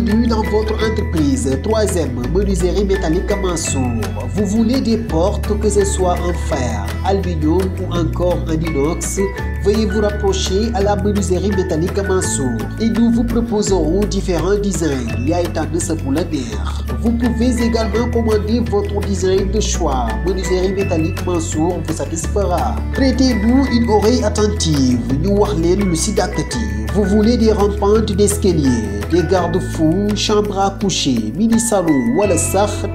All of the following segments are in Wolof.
bienvenue dans votre entreprise. Troisième, menuiserie métallique Mansour. Vous voulez des portes, que ce soit en fer, aluminium ou encore en inox Veuillez vous rapprocher à la menuiserie métallique Mansour et nous vous proposerons différents designs. Il y a un pour la mer. Vous pouvez également commander votre design de choix. Menuiserie métallique Mansour vous satisfera. Prêtez-nous une oreille attentive. Nous lucide le Vous voulez des rampantes d'escalier des garde-fous, chambres à coucher, mini-salon, wala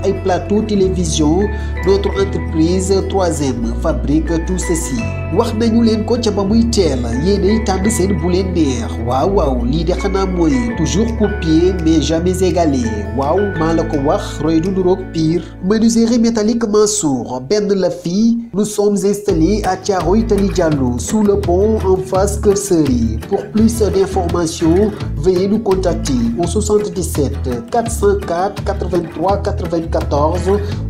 et plateau télévision notre entreprise 3 troisième fabrique tout ceci wax nañu leen ko ca ba muy teel de boulet toujours copier mais jamais égalé Wow, maa la ko pire menuiserie métallique Mansour Ben la fi, nous sommes installés à Thiaroye Tani sous le pont en face de pour plus d'informations veuillez nous contacter au 77 404 83 94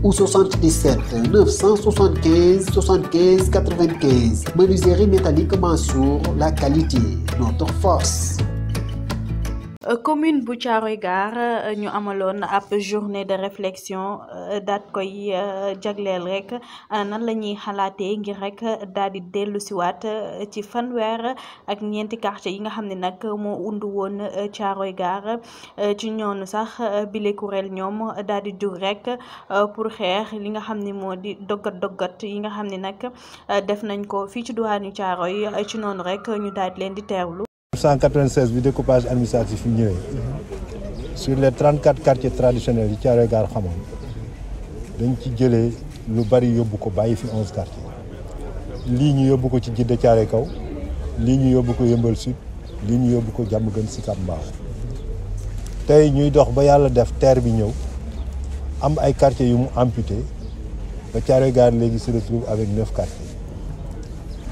ou 77 975 75 95. Menuiserie métallique Mansour, la qualité, notre force. Euh, commune de réflexion, nous avons journée de réflexion euh, daat koy euh, jagleel rek nan lañuy xalaté ngir rek daal di ci wat ci fanwer ak ñenti quartier yi nga xamné nak mo ci sax bile Courel ñom daal di rek pour xeex li nga xamné modi dogat dogat yi nga ko ci ci rek ñu 196 bi découpage administratif yi ñëwee sur les 34 quartiers traditionnels du Thiaroye Gare xamoon dañ ci jëlee lu bari yóbbu ko fi 11 quartiers lii ñu yóbbu ko ci Jidda Thiaroye Kaw lii ñu yóbbu ko Yëmbal Sud lii ñu yóbbu ko Diamaguène Sicap Mbao Tay ñuy dox ba yàlla def terre bi ñëw am ay quartiers yu mu amputé ba Thiaroye Gare léegi se retrouve avec 9 quartiers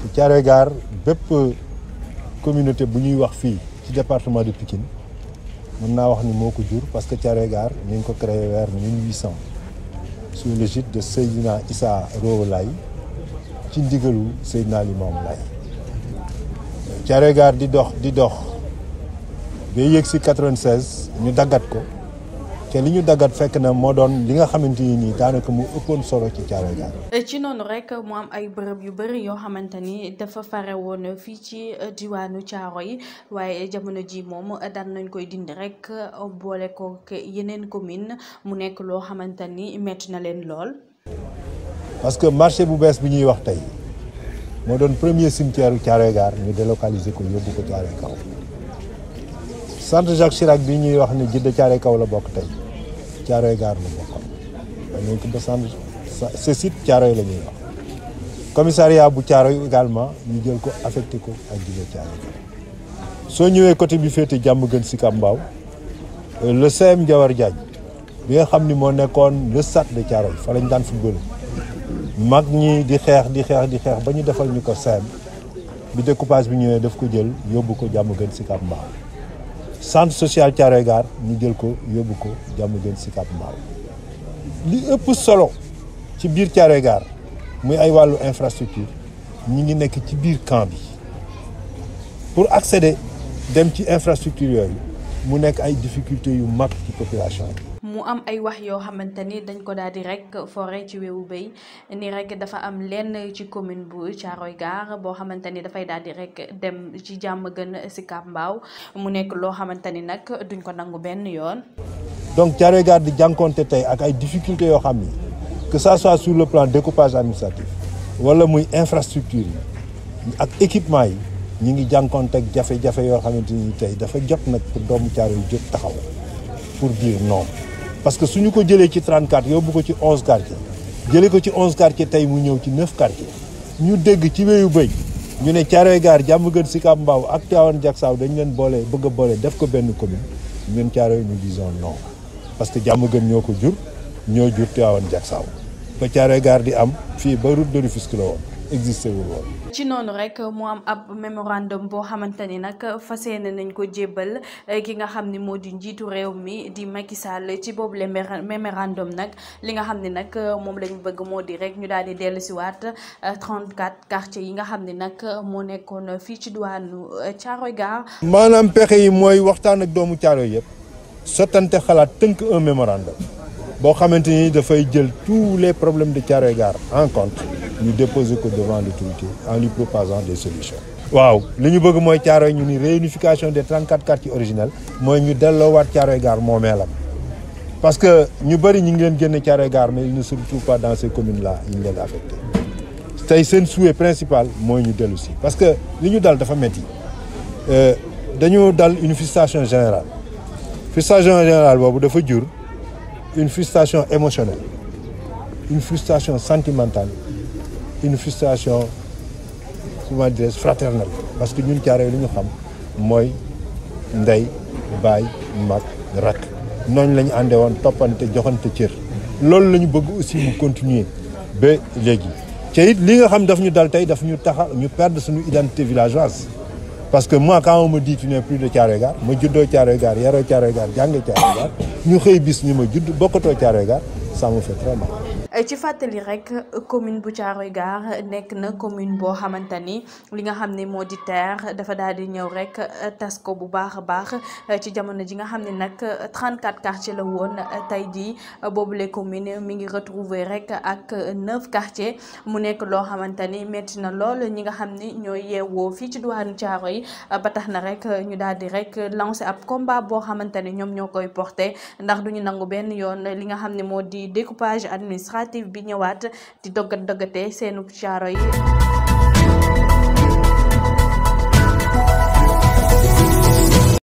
Le Thiaroye Gare communauté bu wax ci département de Pikine mën wax ni parce que nous Gare ñu créé vers 1800 sous l'égide de Seydina Issa qui Laye ci ndigalu Seydina Gare di dox di dox 96 te li ñu daggat fekk na moo doon li nga xamante ni nii daanaka mu ëppoon solo ci Caaroy Gaar eh, ci noonu rek mu am ay bërëb yu bari yoo xamante ni dafa fare woon fii ci eh, diwaanu caaro yi waaye jamono ji moom daan nañ koy dindi rek eh, boole ko yeneen commune mu nekk loo xamante ni metti na leen lool. parce que marché bu bees bu ñuy wax tey moo doon premier cimetière Caaroy Gaar ñu délocaliser ko yóbbu ko Caaroy Kaw. centre Jacques Chirac bi ñuy wax ni jidde caare kaw la bokk tey caaroy gaar la bokk dañuy tudd centre ce site caaroy la ñuy wax commissariat bu caaroy également ñu jël ko affecté ko ak jidda caare kaw soo ñëwee côté bi féete jàmm gën si kambaaw le CM Diawar Diagne bi nga xam ni moo nekkoon le stade de Thiaroye fa lañ daan football mag ñi di xeex di xeex di xeex ba ñu defal ñu ko CM bi découpage bi ñëwee daf ko jël yóbbu ko jàmm gën si kambaaw centre social Thiaroye Gare ñu jël ko yóbbu ko jàmm gën si Cap li ëpp solo ci biir Thiaroye Gare muy ay wàllu infrastructure ñi ngi nekk ci biir camp bi pour accéder dem ci infrastructure yooyu mu nekk ay difficultés yu mag ci population yi mu am ay wax yoo xamante ni dañ ko daal di rek fore ci wewu bay ni rek dafa am lenn ci commune bu Thiaroye Gare boo xamante ni dafay daal di rek dem ci jàmm gën si Kambaaw mu nekk loo xamante ni nag duñ ko nangu benn yoon. donc Thiaroye Gare di jànkonte tey ak ay difficultés yoo xam ni que ça soit sur le plan découpage administratif wala muy infrastructure yi ak équipement yi. ñu ngi jànkoonte ak jafe-jafe yoo xamante ni tey dafa jot nag pour doomu Thiaroye yi taxaw pour dire non. parce que su ñu ko jëlee ci 34 yóbbu ko ci 11 quartier jëlee ko ci 11 quartier tey mu ñëw ci 9 quartier ñu dégg ci wéyu bëy ñu ne Thiaroye gar jàmm gën Sicap Mbao ak Tivaouane Diacksao dañ leen boolee bëgg boolee boole def ko benn commune ñun Thiaroye ñu disons non parce que jàmm gën ñoo ko jur ñoo jur Tivaouane Diacksao ba Thiaroye gar di am fii ba route de Rufisque la woon existé wul ci nonu rek mo am ab memorandum bo xamante nak nag nañ ko djébal eh, ki nga xamni modi njitu di mi di Macky Sall ci boobu le memorandum nak li nga xamni nak mom lañu bëgg modi rek ñu daal di ci si waat 34 quartiers yi nga xamni nak mo nekkone fi ci douane eh, Thiaroye Gare. manam pexe yi mooy waxtaan ak doomu Thiaroye yëpp sotante xalaat teunk un memorandum bo xamanteni da fay jël tous les problèmes de Thiaroye Gare en compte nous déposer ko devant l'autorité en lui proposant des solutions waaw li ñu bëgg mooy ñu ni réunification des 34 quartiers originels mooy ñu delloowaat Thiaroye Gare moomeelam parce que ñu bëri ñu ngi leen génne mais il ne se retrouvent pas dans ces communes là ñu ngi leen affecté tey seen souhait principal mooy ñu dellu si parce que li ñu dal dafa métti euh, dañu dal une frustration générale frustration générale boobu dafa jur une frustration émotionnelle une frustration sentimentale une frustration souvent dirais fraternelle parce que ñun Thiaroye li ñu xam moy ndey bay mak rak noñ lañ andé won woon toppante joxante cër loolu lañu bëgg aussi mu continuer ba légui te it li nga xam daf ñu dal tay daf ñu taxa ñu perdre suñu identité villageoise parce que moi quand on me dit tu n'es plus de Thiaroye Gare ma juddoo Thiaroye Gare yaroo Thiaroye Gare ñu xey bis ñu ma judd bokkatoo Thiaroye ça me fait très mal eh, ci fàttali rek commune bu Thiaroye Gare nekk na commune boo xamante ni li nga xam ne moo di terre dafa daal di ñëw rek eh, tas ko bu baax a baax eh, ci jamono ji nga xam ne nag 34 quartiers la woon tey jii boobule commune mi ngi retrouver rek ak 9 quartiers mu nekk loo xamante ni métti na lool ñi nga xam ne ñooy yeewoo fii ci diwaanu yi ba tax na rek ñu daal di rek lancer ab combat boo xamante ni ñoom ñoo koy porter ndax duñu nangu benn yoon li nga xam ne moo di découpage administratif initiative bi ñëwaat di dogat dogate seenu caaro yi